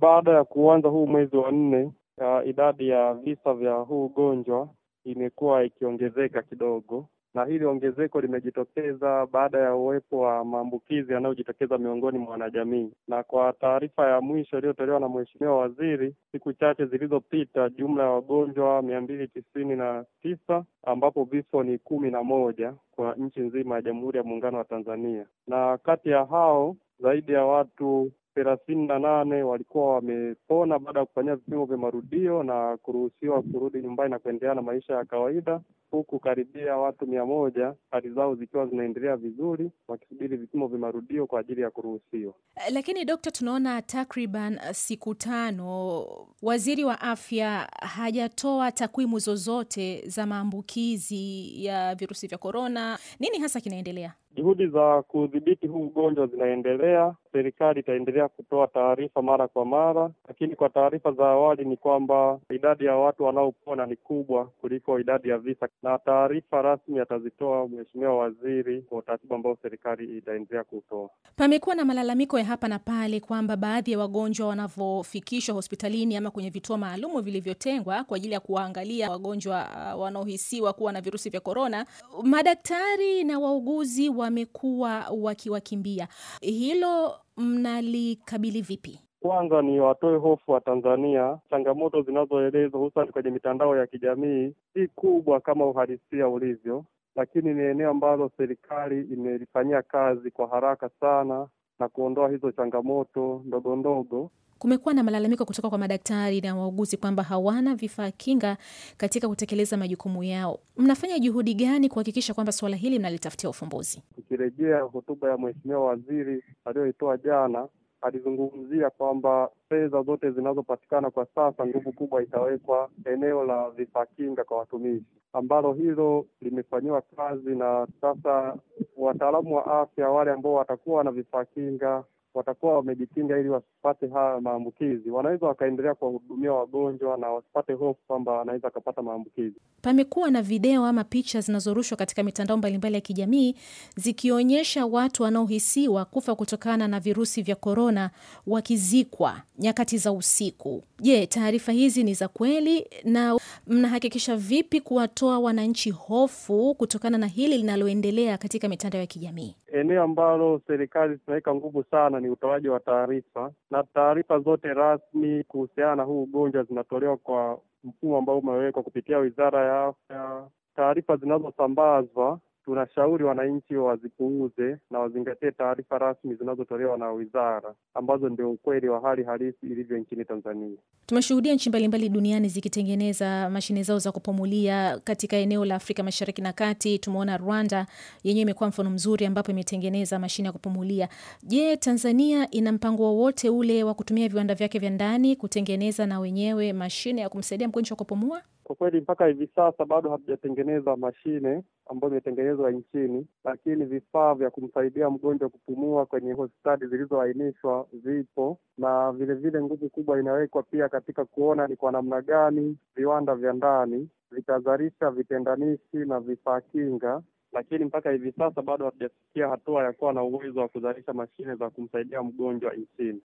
Baada ya kuanza huu mwezi wa nne, ya idadi ya visa vya huu ugonjwa imekuwa ikiongezeka kidogo, na hili ongezeko limejitokeza baada ya uwepo wa maambukizi yanayojitokeza miongoni mwa wanajamii. Na kwa taarifa ya mwisho iliyotolewa na Mheshimiwa Waziri siku chache zilizopita, jumla ya wagonjwa mia mbili tisini na tisa ambapo vifo ni kumi na moja kwa nchi nzima ya Jamhuri ya Muungano wa Tanzania, na kati ya hao zaidi ya watu thelathini na nane walikuwa wamepona baada ya kufanyia vipimo vya marudio na kuruhusiwa kurudi nyumbani na kuendelea na maisha ya kawaida, huku karibia watu mia moja hali zao zikiwa zinaendelea vizuri wakisubiri vipimo vya marudio kwa ajili ya kuruhusiwa. Eh, lakini dokta, tunaona takriban eh, siku tano waziri wa afya hajatoa takwimu zozote za maambukizi ya virusi vya korona. Nini hasa kinaendelea? Juhudi za kudhibiti huu ugonjwa zinaendelea. Serikali itaendelea kutoa taarifa mara kwa mara, lakini kwa taarifa za awali ni kwamba idadi ya watu wanaopona ni kubwa kuliko idadi ya visa, na taarifa rasmi atazitoa Mheshimiwa Waziri kwa utaratibu ambao serikali itaendelea kutoa. Pamekuwa na malalamiko ya hapa na pale kwamba baadhi ya wagonjwa wanavyofikishwa hospitalini ama kwenye vituo maalumu vilivyotengwa kwa ajili ya kuwaangalia wagonjwa uh, wanaohisiwa kuwa na virusi vya korona, madaktari na wauguzi wa wamekuwa wakiwakimbia. Hilo mnalikabili vipi? Kwanza ni watoe hofu wa Tanzania. Changamoto zinazoelezwa hususan kwenye mitandao ya kijamii si kubwa kama uhalisia ulivyo, lakini ni eneo ambalo serikali imelifanyia kazi kwa haraka sana na kuondoa hizo changamoto ndogo ndogo. Kumekuwa na malalamiko kutoka kwa madaktari na wauguzi kwamba hawana vifaa kinga katika kutekeleza majukumu yao. Mnafanya juhudi gani kuhakikisha kwamba suala hili mnalitafutia ufumbuzi? Tukirejea hotuba ya Mheshimiwa Waziri aliyoitoa jana, alizungumzia kwamba fedha zote zinazopatikana kwa sasa, nguvu kubwa itawekwa eneo la vifaa kinga kwa watumishi, ambalo hilo limefanyiwa kazi na sasa wataalamu wa afya wale ambao watakuwa na vifaa kinga watakuwa wamejikinga ili wasipate haya maambukizi, wanaweza wakaendelea kuwahudumia wagonjwa na wasipate hofu kwamba wanaweza wakapata maambukizi. Pamekuwa na video ama picha zinazorushwa katika mitandao mbalimbali ya kijamii zikionyesha watu wanaohisiwa kufa kutokana na virusi vya korona wakizikwa nyakati za usiku. Je, taarifa hizi ni za kweli na mnahakikisha vipi kuwatoa wananchi hofu kutokana na hili linaloendelea katika mitandao ya kijamii? Eneo ambalo serikali zinaweka nguvu sana ni utoaji wa taarifa, na taarifa zote rasmi kuhusiana na huu ugonjwa zinatolewa kwa mfumo ambao umewekwa kupitia Wizara ya Afya. Taarifa zinazosambazwa tunashauri wananchi wazipuuze na wazingatie taarifa rasmi zinazotolewa na wizara ambazo ndio ukweli wa hali halisi ilivyo nchini Tanzania. Tumeshuhudia nchi mbalimbali duniani zikitengeneza mashine zao za kupumulia katika eneo la Afrika Mashariki na Kati. Tumeona Rwanda yenyewe imekuwa mfano mzuri ambapo imetengeneza mashine ya kupumulia. Je, Tanzania ina mpango wowote ule wa kutumia viwanda vyake vya ndani kutengeneza na wenyewe mashine ya kumsaidia mgonjwa kupumua? Kwa kweli mpaka hivi sasa bado hatujatengeneza mashine ambayo imetengenezwa nchini, lakini vifaa vya kumsaidia mgonjwa kupumua kwenye hospitali zilizoainishwa vipo, na vilevile nguvu kubwa inawekwa pia katika kuona ni kwa namna gani viwanda vya ndani vitazalisha vitendanishi na vifaa kinga lakini mpaka hivi sasa bado hatujafikia hatua ya kuwa na uwezo wa kuzalisha mashine za kumsaidia mgonjwa nchini.